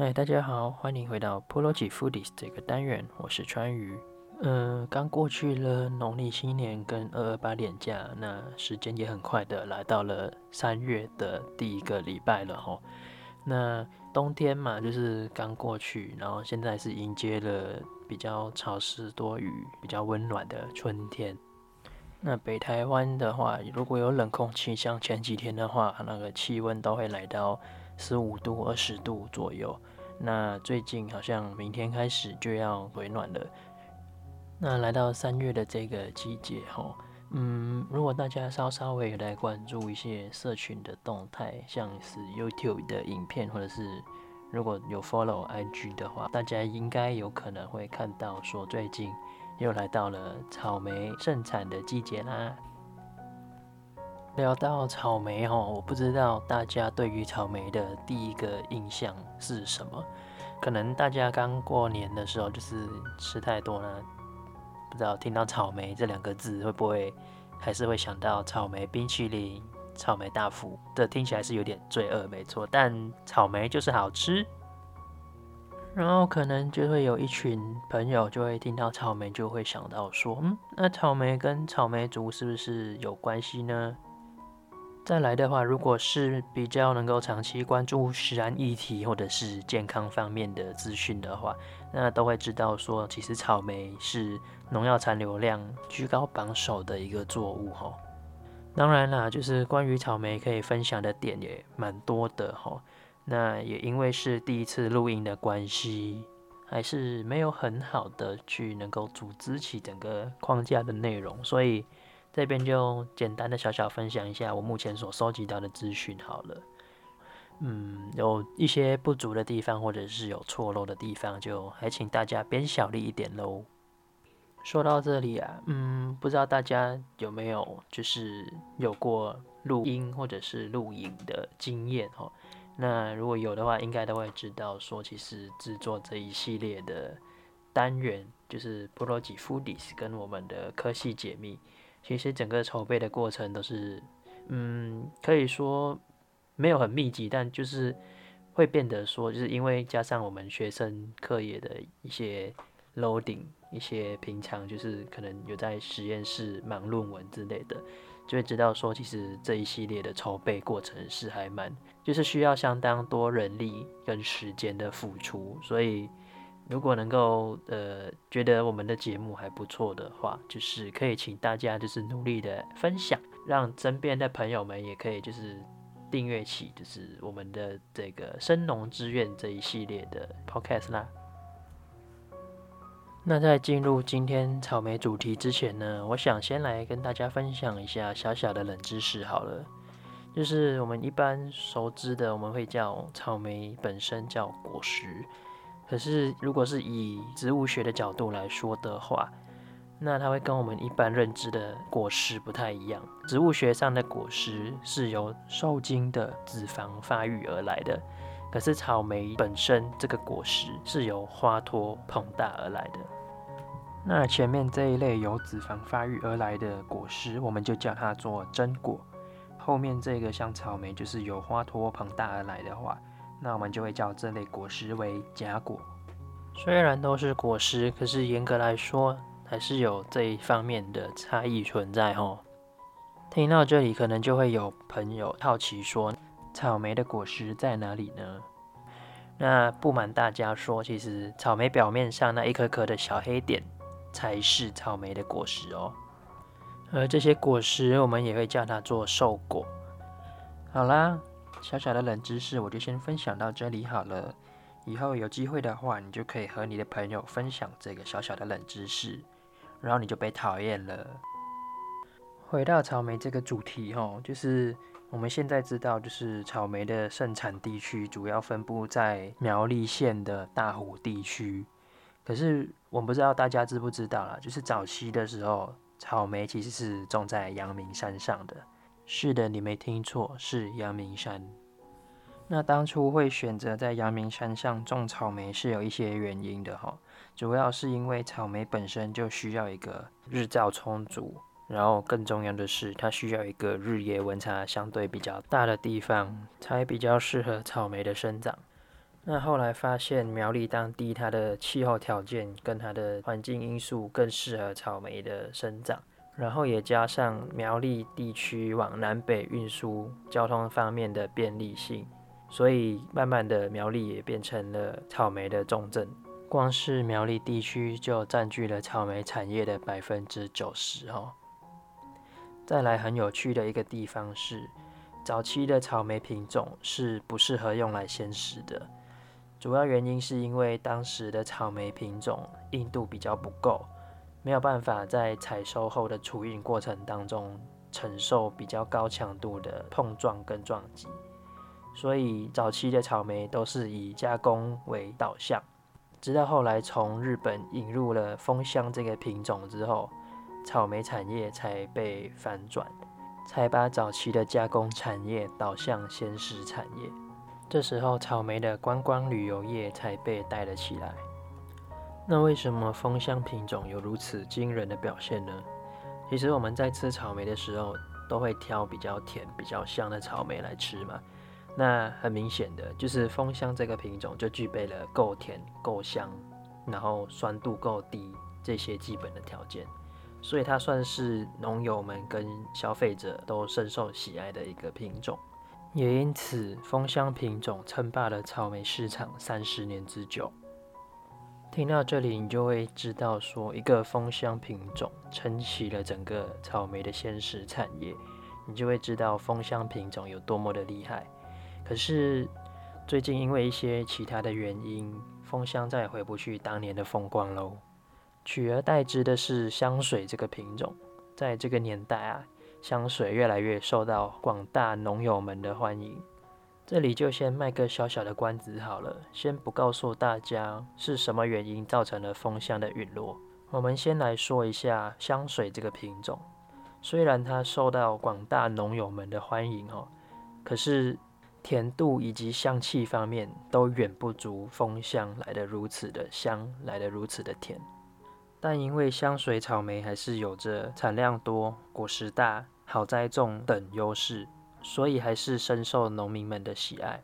嗨，大家好，歡迎回到噗摟級 Foodies 這個單元，我是川渝。呃，剛過去了農曆新年跟二二八年假，那時間也很快的來到了三月的第一個禮拜了吼。那冬天嘛，就是剛過去，然後現在是迎接了比較潮濕多雨、比較溫暖的春天。那北台灣的話，如果有冷空氣，像前幾天的話，那個氣溫都會來到，十五度、二十度左右。那最近好像明天開始就要回暖了。那來到三月的這個季節，吼，嗯，如果大家稍稍微來關注一些社群的動態，像是 YouTube 的影片，或者是如果有 follow IG 的話，大家應該有可能會看到說最近又來到了草莓盛產的季節啦。聊到草莓哦，我不知道大家對於草莓的第一個印象是什麼？可能大家剛過年的時候就是吃太多了，不知道聽到草莓這兩個字會不會還是會想到草莓冰淇淋、草莓大福。這聽起來是有點罪惡沒錯，但草莓就是好吃。然後可能就會有一群朋友就會聽到草莓就會想到說，嗯，那草莓跟草莓族是不是有關係呢？再來的話，如果是比較能夠長期關注食安議題或者是健康方面的資訊的話，那都會知道說，其實草莓是農藥殘留量居高榜首的一個作物哈。當然啦，就是關於草莓可以分享的點也蠻多的哈。那也因為是第一次錄音的關係，還是沒有很好的去能夠組織起整個框架的內容，所以。這邊就簡單的小小分享一下我目前所收集到的資訊好了，嗯，有一些不足的地方或者是有錯漏的地方，就還請大家鞭小力一點嘍。說到這裡啊，嗯，不知道大家有沒有就是有過錄音或者是錄影的經驗哦？那如果有的話，應該都會知道說，其實製作這一系列的單元，就是噗摟級 foodies 跟我們的科系解密。其實整個籌備的過程都是，嗯，可以說沒有很密集，但就是會變得說，就是因為加上我們學生課業的一些 loading，一些平常就是可能有在實驗室忙論文之類的，就會知道說，其實這一系列的籌備過程是還蠻，就是需要相當多人力跟時間的付出，所以。如果能夠呃覺得我們的節目還不錯的話，就是可以請大家就是努力的分享，讓身邊的朋友們也可以就是訂閱起就是我們的這個“生農之願”這一系列的 Podcast 啦。那在進入今天草莓主題之前呢，我想先來跟大家分享一下小小的冷知識好了，就是我們一般熟知的，我們會叫草莓本身叫果實。可是，如果是以植物學的角度來說的話，那它會跟我們一般認知的果實不太一樣。植物學上的果實是由受精的子房發育而來的，可是草莓本身這個果實是由花托膨大而來的。那前面這一類由子房發育而來的果實，我們就叫它做真果；後面這個像草莓，就是由花托膨大而來的話。那我們就會叫這類果實為假果。雖然都是果實，可是嚴格來說還是有這一方面的差異存在吼。哦，聽到這裡，可能就會有朋友好奇說，草莓的果實在哪裡呢？那不瞞大家說，其實草莓表面上那一顆顆的小黑點才是草莓的果實哦。而這些果實，我們也會叫它做瘦果。好啦。小小的冷知識，我就先分享到這裡好了。以後有機會的話，你就可以和你的朋友分享這個小小的冷知識，然後你就被討厭了。回到草莓這個主題吼，就是我們現在知道，就是草莓的盛產地區主要分布在苗栗縣的大湖地區。可是我不知道大家知不知道啦，就是早期的時候，草莓其實是種在陽明山上的。是的，你沒聽錯，是陽明山。那當初會選擇在陽明山上種草莓是有一些原因的哈，主要是因為草莓本身就需要一個日照充足，然後更重要的是它需要一個日夜溫差相對比較大的地方，才比較適合草莓的生長。那後來發現苗栗當地它的氣候條件跟它的環境因素更適合草莓的生長。然後也加上苗栗地區往南北運輸交通方面的便利性，所以慢慢的苗栗也變成了草莓的重鎮。光是苗栗地區就佔據了草莓產業的百分之九十哦。再來很有趣的一個地方是，早期的草莓品種是不適合用來鮮食的，主要原因是因為當時的草莓品種硬度比較不夠。沒有辦法在採收後的儲運過程當中承受比較高強度的碰撞跟撞擊，所以早期的草莓都是以加工為導向。直到後來從日本引入了豐香這個品種之後，草莓產業才被反轉，才把早期的加工產業導向鮮食產業。這時候，草莓的觀光旅遊業才被帶了起來。那為什麼豐香品種有如此驚人的表現呢？其實我們在吃草莓的時候，都會挑比較甜、比較香的草莓來吃嘛。那很明顯的就是豐香這個品種就具備了夠甜、夠香，然後酸度夠低這些基本的條件，所以它算是農友們跟消費者都深受喜愛的一個品種。也因此，豐香品種稱霸了草莓市場三十年之久。聽到這裡，你就會知道說一個豐香品種撐起了整個草莓的鮮食產業，你就會知道豐香品種有多麼的厲害。可是最近因為一些其他的原因，豐香再也回不去當年的風光嘍。取而代之的是香水這個品種，在這個年代啊，香水越來越受到廣大農友們的歡迎。這裡就先賣個小小的關子好了，先不告訴大家是什麼原因造成了豐香的隕落。我們先來說一下香水這個品種，雖然它受到廣大農友們的歡迎哦，可是甜度以及香氣方面都遠不足豐香來得如此的香，來得如此的甜。但因為香水草莓還是有着產量多、果實大、好栽種等優勢。所以還是深受農民們的喜愛。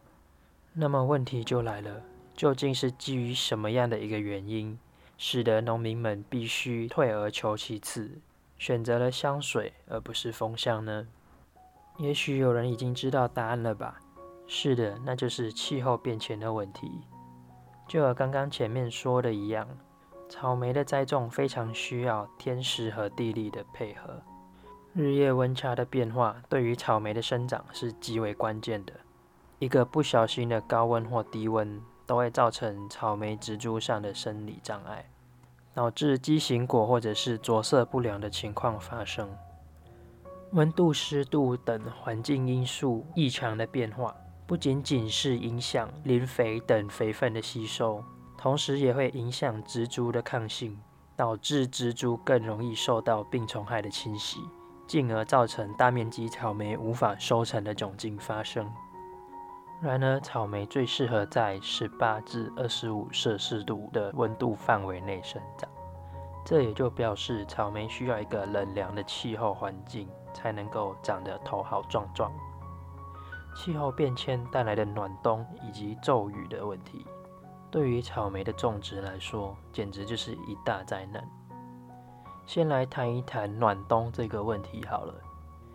那麼問題就來了，究竟是基於什麼樣的一個原因，使得農民們必須退而求其次，選擇了香水而不是豐香呢？也許有人已經知道答案了吧？是的，那就是氣候變遷的問題。就和剛剛前面說的一樣，草莓的栽種非常需要天時和地利的配合。日夜溫差的變化對於草莓的生長是極為關鍵的。一個不小心的高溫或低溫都會造成草莓植株上的生理障礙，導致畸形果或者是着色不良的情況發生。溫度、濕度等環境因素異常的變化，不僅僅是影響磷肥等肥分的吸收，同時也會影響植株的抗性，導致植株更容易受到病蟲害的侵襲。進而造成大面積草莓無法收成的窘境發生。然而，草莓最適合在十八至二十五攝氏度的溫度範圍內生長，這也就表示草莓需要一個冷涼的氣候環境才能夠長得頭好壯壯。氣候變遷帶來的暖冬以及驟雨的問題，對於草莓的種植來說，簡直就是一大災難。先來談一談暖冬這個問題好了。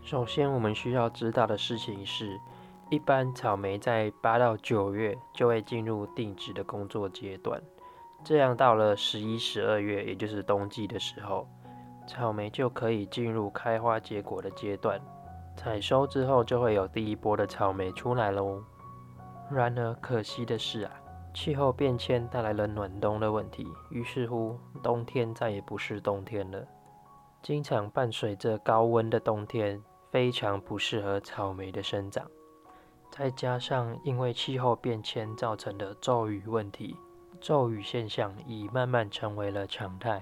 首先，我們需要知道的事情是，一般草莓在八到九月就會進入定植的工作階段，這樣到了十一、十二月，也就是冬季的時候，草莓就可以進入開花結果的階段，採收之後就會有第一波的草莓出來嘍。然而，可惜的是啊。氣候變遷帶來了暖冬的問題，於是乎，冬天再也不是冬天了。經常伴隨着高溫的冬天，非常不適合草莓的生長。再加上因為氣候變遷造成的驟雨問題，驟雨現象已慢慢成為了常態。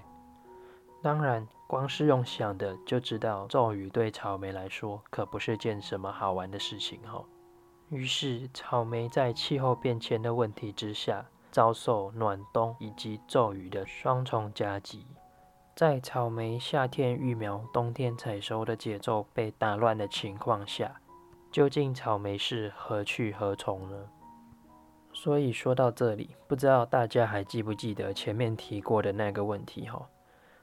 當然，光是用想的就知道，驟雨對草莓來說可不是件什麼好玩的事情哦。於是，草莓在氣候變遷的問題之下，遭受暖冬以及驟雨的雙重夾擊。在草莓夏天育苗、冬天採收的節奏被打亂的情況下，究竟草莓是何去何從呢？所以說到這裡，不知道大家還記不記得前面提過的那個問題哈、哦？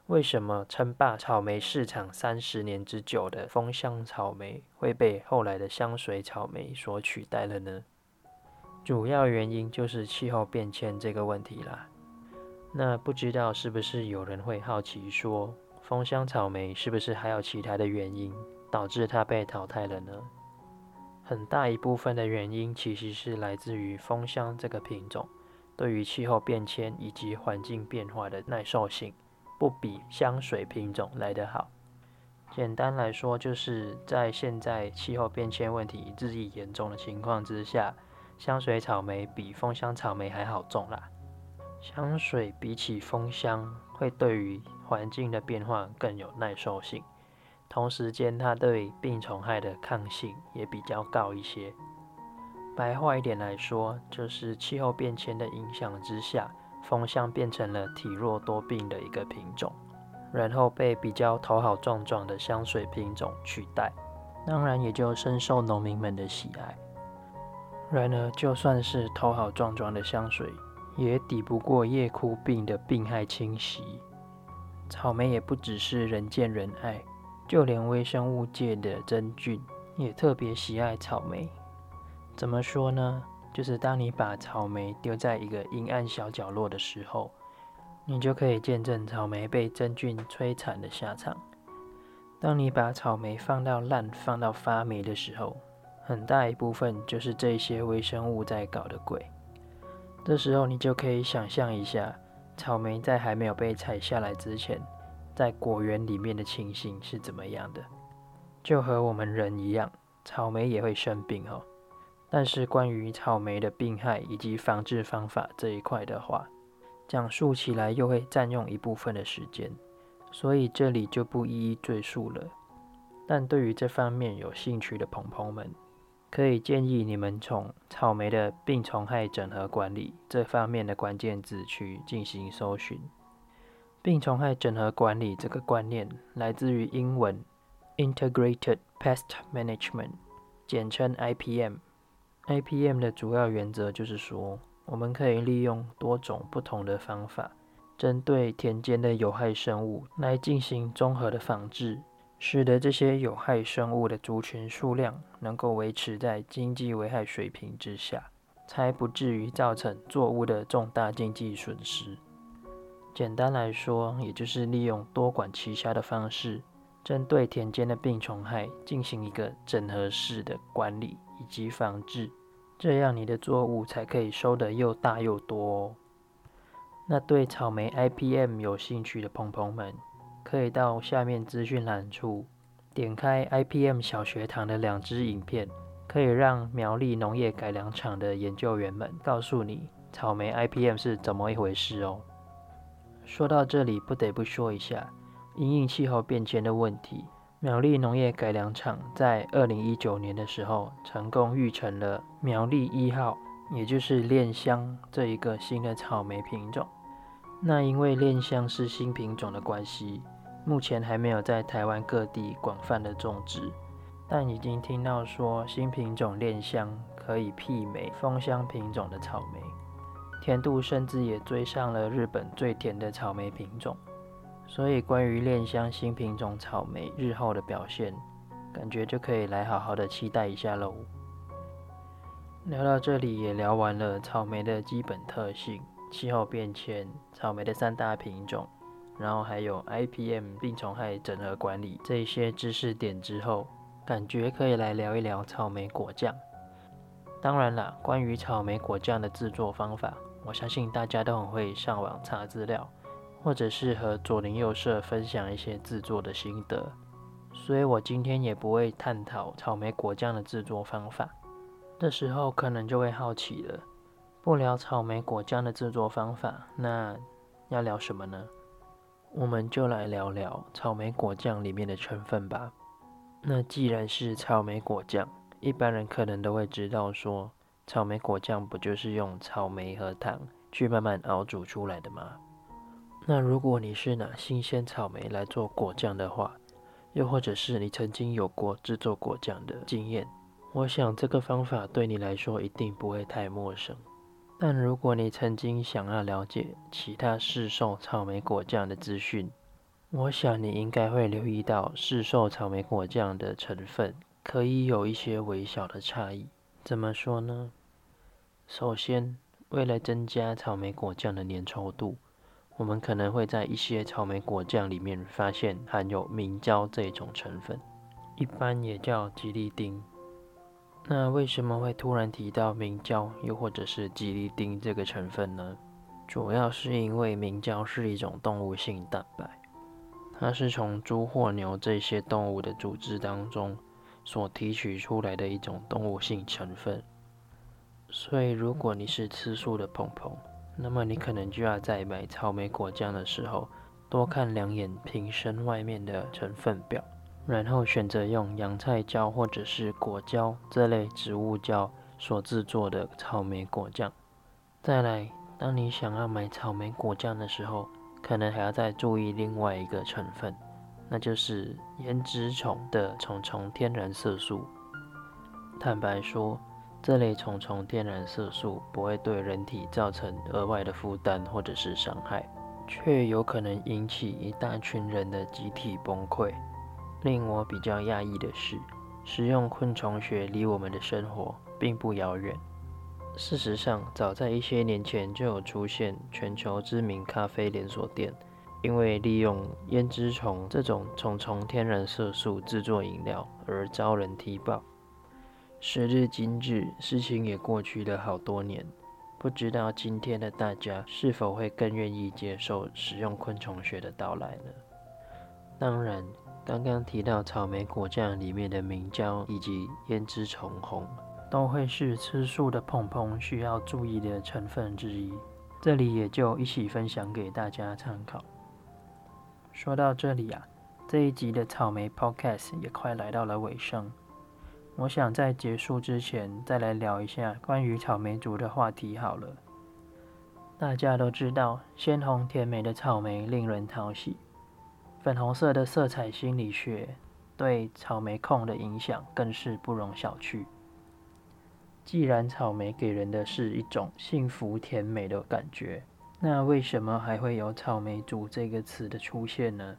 為什麼稱霸草莓市場三十年之久的豐香草莓會被後來的香水草莓所取代了呢？主要原因就是氣候變遷這個問題啦。那不知道是不是有人會好奇說，豐香草莓是不是還有其他的原因導致它被淘汰了呢？很大一部分的原因其實是來自於豐香這個品種對於氣候變遷以及環境變化的耐受性。不比香水品種來得好。簡單來說，就是在現在氣候變遷問題日益嚴重的情況之下，香水草莓比豐香草莓還好種啦。香水比起豐香，會對於環境的變化更有耐受性，同時間它對病蟲害的抗性也比較高一些。白話一點來說，就是氣候變遷的影響之下。風向變成了體弱多病的一個品種，然後被比較頭好壯壯的香水品種取代，當然也就深受農民們的喜愛。然而，就算是頭好壯壯的香水，也抵不過葉枯病的病害侵襲。草莓也不只是人見人愛，就連微生物界的真菌也特別喜愛草莓。怎麼說呢？就是當你把草莓丟在一個陰暗小角落的時候，你就可以見證草莓被真菌摧殘的下場。當你把草莓放到爛、放到發霉的時候，很大一部分就是這些微生物在搞的鬼。這時候你就可以想象一下，草莓在還沒有被採下來之前，在果園裡面的情形是怎麼樣的。就和我們人一樣，草莓也會生病哦。但是關於草莓的病害以及防治方法這一塊的話，講述起來又會占用一部分的時間，所以這裡就不一一贅述了。但對於這方面有興趣的朋友們，可以建議你們從草莓的病蟲害整合管理這方面的關鍵字去進行搜尋。病蟲害整合管理這個觀念來自於英文 Integrated Pest Management，簡稱 IPM。IPM 的主要原則就是說，我們可以利用多種不同的方法，針對田間的有害生物來進行綜合的防治，使得這些有害生物的族群數量能夠維持在經濟危害水平之下，才不至於造成作物的重大經濟損失。簡單來說，也就是利用多管齊下的方式，針對田間的病蟲害進行一個整合式的管理。以及防治，這樣你的作物才可以收得又大又多哦。那對草莓 IPM 有興趣的朋友們，可以到下面資訊欄處，點開 IPM 小學堂的兩支影片，可以讓苗栗農業改良場的研究員們告訴你草莓 IPM 是怎麼一回事哦。說到這裡，不得不說一下，因應氣候變遷的問題。苗栗農業改良場在二零一九年的時候，成功育成了苗栗一號，也就是戀香這一個新的草莓品種。那因為戀香是新品種的關係，目前還沒有在台灣各地廣泛的種植，但已經聽到說新品種戀香可以媲美豐香品種的草莓，甜度甚至也追上了日本最甜的草莓品種。所以，關於戀香新品種草莓日後的表現，感覺就可以來好好的期待一下囉。聊到這裡也聊完了草莓的基本特性、氣候變遷、草莓的三大品種，然後還有 IPM 病蟲害整合管理這一些知識點之後，感覺可以來聊一聊草莓果醬。當然啦，關於草莓果醬的製作方法，我相信大家都很會上網查資料。或者是和左鄰右舍分享一些製作的心得，所以我今天也不會探討草莓果醬的製作方法。這時候可能就會好奇了，不聊草莓果醬的製作方法，那要聊什麼呢？我們就來聊聊草莓果醬裡面的成分吧。那既然是草莓果醬，一般人可能都會知道，說草莓果醬不就是用草莓和糖去慢慢熬煮出來的嗎？那如果你是拿新鮮草莓來做果醬的話，又或者是你曾經有過製作果醬的經驗，我想這個方法對你來說一定不會太陌生。但如果你曾經想要了解其他市售草莓果醬的資訊，我想你應該會留意到市售草莓果醬的成分可以有一些微小的差異。怎麼說呢？首先，為了增加草莓果醬的粘稠度。我們可能會在一些草莓果醬裡面發現含有明膠這種成分，一般也叫吉利丁。那為什麼會突然提到明膠，又或者是吉利丁這個成分呢？主要是因為明膠是一種動物性蛋白，它是從豬或牛這些動物的組織當中所提取出來的一種動物性成分。所以如果你是吃素的朋朋，那麼你可能就要在買草莓果醬的時候，多看兩眼瓶身外面的成分表，然後選擇用洋菜膠或者是果膠這類植物膠所制作的草莓果醬。再來，當你想要買草莓果醬的時候，可能還要再注意另外一個成分，那就是胭脂蟲的蟲蟲天然色素。坦白說，這類蟲蟲天然色素不會對人體造成額外的負擔或者是傷害，卻有可能引起一大群人的集體崩潰。令我比較訝異的是，食用昆蟲學離我們的生活並不遙遠。事實上，早在一些年前就有出現全球知名咖啡連鎖店，因為利用胭脂蟲這種蟲蟲天然色素製作飲料而遭人踢爆。時至今日，事情也過去了好多年，不知道今天的大家是否會更願意接受食用昆蟲學的到來呢？當然，剛剛提到草莓果醬裡面的明膠以及胭脂蟲紅，都會是吃素的朋朋需要注意的成分之一。這裡也就一起分享給大家參考。說到這裡啊，這一集的草莓 Podcast 也快來到了尾聲。我想在結束之前再來聊一下關於草莓族的話題好了。大家都知道，鮮紅甜美的草莓令人討喜，粉紅色的色彩心理學對草莓控的影響更是不容小覷。既然草莓給人的是一種幸福甜美的感覺，那為什麼還會有“草莓族”這個詞的出現呢？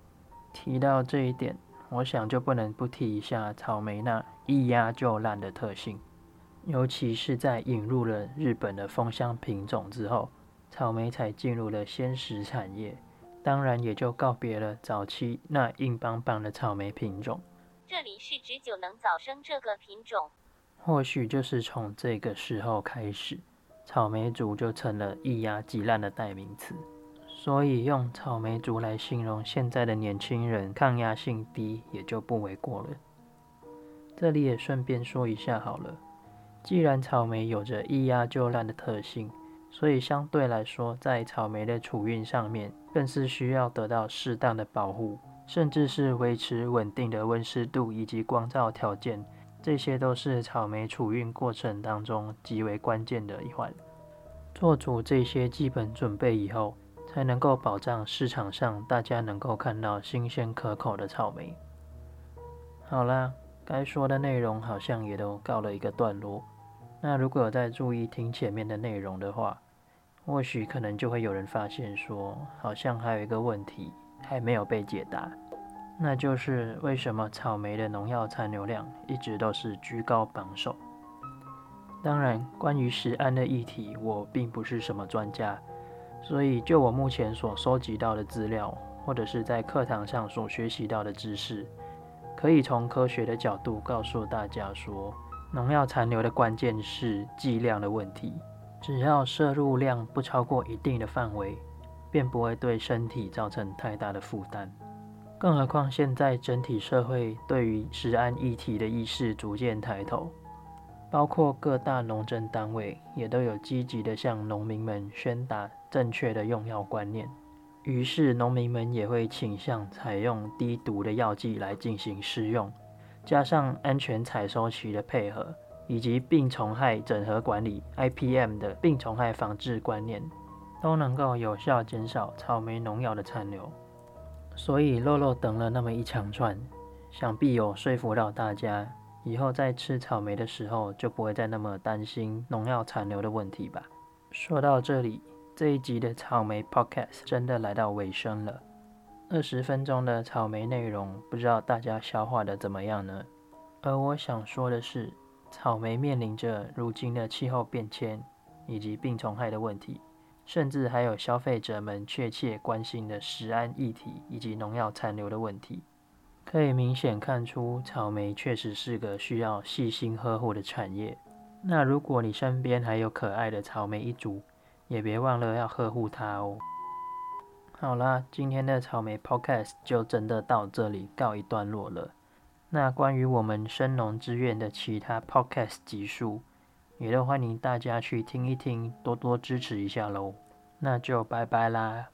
提到這一點。我想就不能不提一下草莓那一壓就爛的特性，尤其是在引入了日本的豐香品種之後，草莓才進入了鮮食產業，當然也就告別了早期那硬邦邦的草莓品種。這裡是指久能早生這個品種，或許就是從這個時候開始，草莓族就成了一壓即爛的代名詞。所以用草莓族來形容現在的年輕人抗壓性低，也就不為過了。這裡也順便說一下好了，既然草莓有着一壓就爛的特性，所以相對來說，在草莓的儲運上面，更是需要得到適當的保護，甚至是維持穩定的溫濕度以及光照條件，這些都是草莓儲運過程當中極為關鍵的一環。做足這些基本準備以後，才能夠保障市場上大家能夠看到新鮮可口的草莓。好啦，該說的內容好像也都告了一個段落。那如果有在注意聽前面的內容的話，或許可能就會有人發現說，好像還有一個問題還沒有被解答，那就是為什麼草莓的農藥殘留量一直都是居高榜首？當然，關於食安的議題，我並不是什麼專家。所以，就我目前所收集到的資料，或者是在課堂上所學習到的知識，可以從科學的角度告訴大家說，農藥殘留的關鍵是劑量的問題。只要攝入量不超過一定的範圍，便不會對身體造成太大的負擔。更何況，現在整體社會對於食安議題的意識逐漸抬頭，包括各大農政單位也都有積極的向農民們宣達，正確的用藥觀念，於是農民們也會傾向採用低毒的藥劑來進行施用，加上安全採收期的配合，以及病蟲害整合管理 （IPM） 的病蟲害防治觀念，都能夠有效減少草莓農藥的殘留。所以露露等了那麼一長串，想必有說服到大家，以後在吃草莓的時候就不會再那麼擔心農藥殘留的問題吧。說到這裡。這一集的草莓 Podcast 真的來到尾聲了，二十分鐘的草莓內容，不知道大家消化得怎麼樣呢？而我想說的是，草莓面臨着如今的氣候變遷以及病蟲害的問題，甚至還有消費者們確切關心的食安議題以及農藥殘留的問題。可以明顯看出，草莓確實是個需要細心呵護的產業。那如果你身邊還有可愛的草莓一族……也別忘了要呵護它哦。好啦，今天的草莓 podcast 就真的到這裡告一段落了。那關於我們生農志願的其他 podcast 集數，也都歡迎大家去聽一聽，多多支持一下嘍。那就拜拜啦。